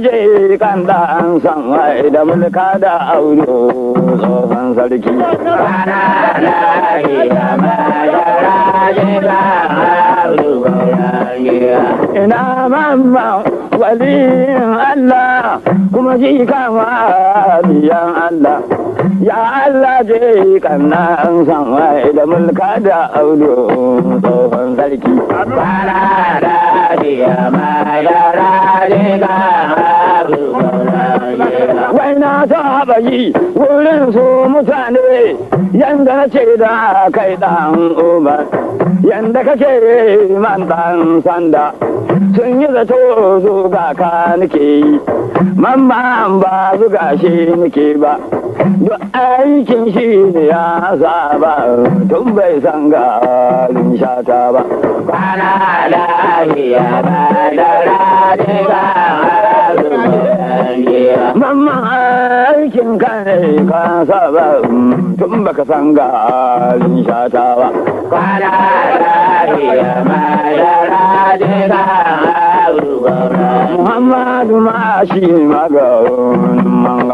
je kan dan san ai da mulka da auro tsohon sarki rana lahi ina mamma wali Allah kuma shi kama biyan Allah ya Allah je kan nan san wai da mulka da auro tsohon sarki rana wai na saba yi wurin su mutane yanda na ce da kai dan umar yanda kake man ɗan sanda sun yi zato zuga ka nake yi mamma ba zuga shi nake ba duk aikin shi ne ya zaba tun bai san galin shata ba kwana lahiya ba da rani ba mamma aikin kai ka saba tun baka san galin shata ba kwana lahiya ba da rani ba Muhammadu ma shi maganin manga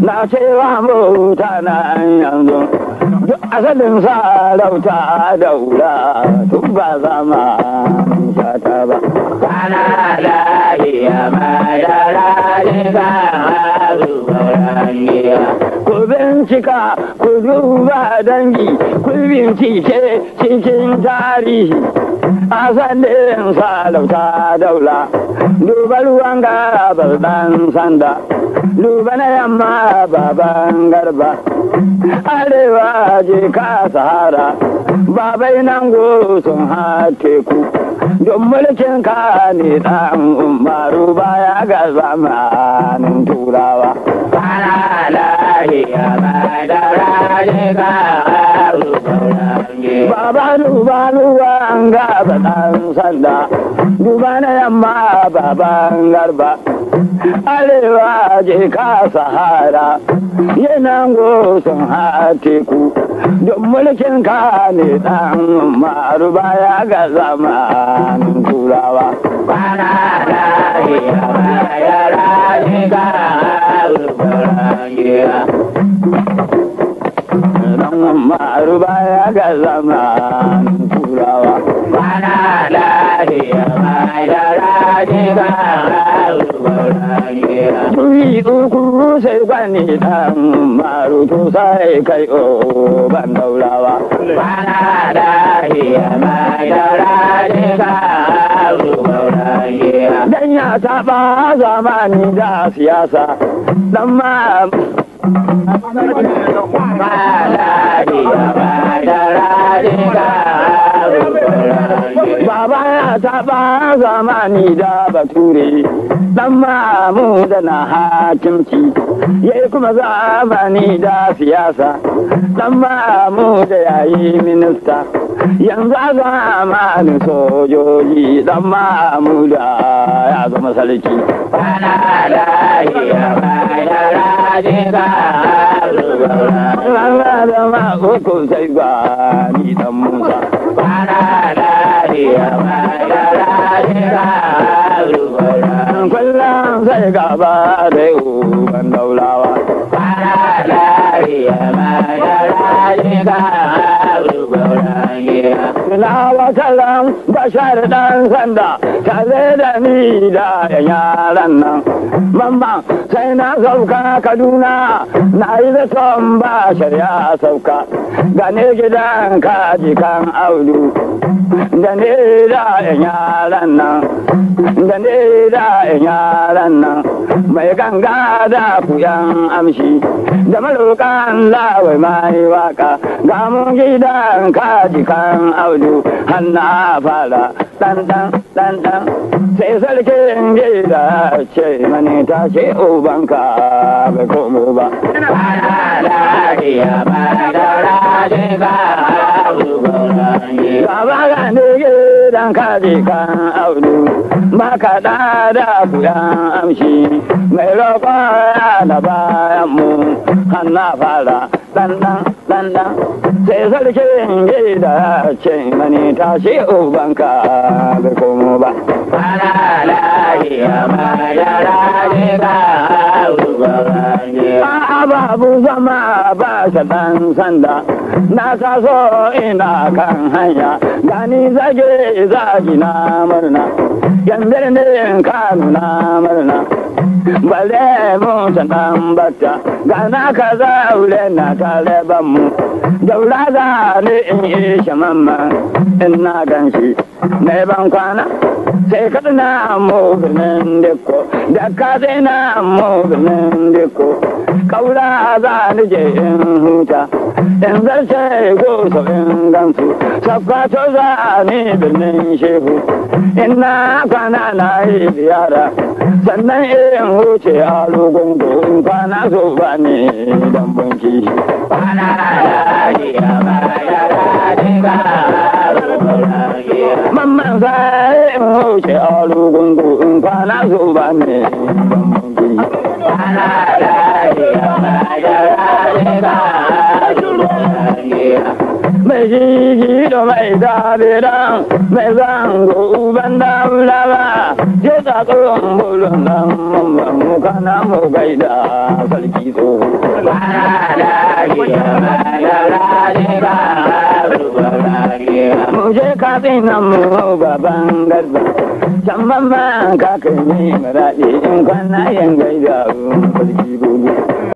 na cewa bauta na yanzu duk asalin sarauta da wula tun ba zama ta ba kana da iya madara ne ba ku bincika ku duba dangi ku bincike cikin tarihi asalin sarauta daula duba ruwan gabar dan sanda duba na yamma baban garba arewa je ka sahara babai nan sun hake ku don mulkin ka ne dan umaru baya ga zamanin turawa fara ya ba da raje ka Baba ruba duba an ga ɗan sanda, duba na yamma baban garba. arewa je ka sahara sun goson teku don mulkin ka ne dan maru ya ga zamanin turawa Bana da ya rashi ka dan maru ya ga zamanin turawa Bana da ya rashi ka Kai uku sai gwani dan marutu sai kai o ban daulawa. Bana da hiya mai daura ne ka maulaye. Dan ya taɓa zamani da siyasa. Dan ma Baba taɓa zamani da bature dan mu da na hakimci ya kuma zamani da siyasa dan mamu da yayi minista yanzu a zamanin sojoji dan mu da ya zama sarki bana Allah da ma uku sai ba ni dan musa kwana lahiya a lahira kullum sai gaba da uban daulawa Ina wakalan bashar ɗan sanda tare da ni da yaran nan. Mamma sai na sauka Kaduna na yi son bashar ya sauka. Gane gidan kaji kan audu da ne da yaran nan. Da ne da yaran nan mai ganga da kuyan amshi da maluka gidan lawai mai waka ga mun gidan kaji kan audu hanna fara dan dan dan dan sai sarkin gida ce mani ta ce ubanka bai komo ba ana lafiya ba da rajin ba ba ga ne dan kare kan audu ba ka da da buya amshi mai roƙon da bayan mu hanna fara dandan dandan sai sarkin da ce mani ta uban ka bai komo ba. la lahiya ma yara ne ba A'a ababu zama ba shi sanda na taso ina kan hanya gani zage zagi na murna yanzu ne kanu na murna bale mun sanan bata gana ka zaure na tare ban mu daura za ne in yi shamamma in na gan shi na ban kwana sai ka na mu birnin diko da ka sai na mu birnin diko kaura za ni je in huta in zarce ko in gansu sabbato za a ni birnin shehu ina kwana na yi ziyara sannan irin wuce a rugungu kwana so ba ni dan bunki kwana da ya ba ya da dinga mamman sai in huce a rugungu in kwana so ba ni dan bunki kwana da ya ba ya da dinga mai shi da mai dabiran mai zango ban dabula ba je ta tsoron bulon nan mu kana mu gaida sarki so ba da ke ba da rage ba mu je kafin nan mu baban garba can mamman kakanni maraɗi in kwana yin gaida sarki gobe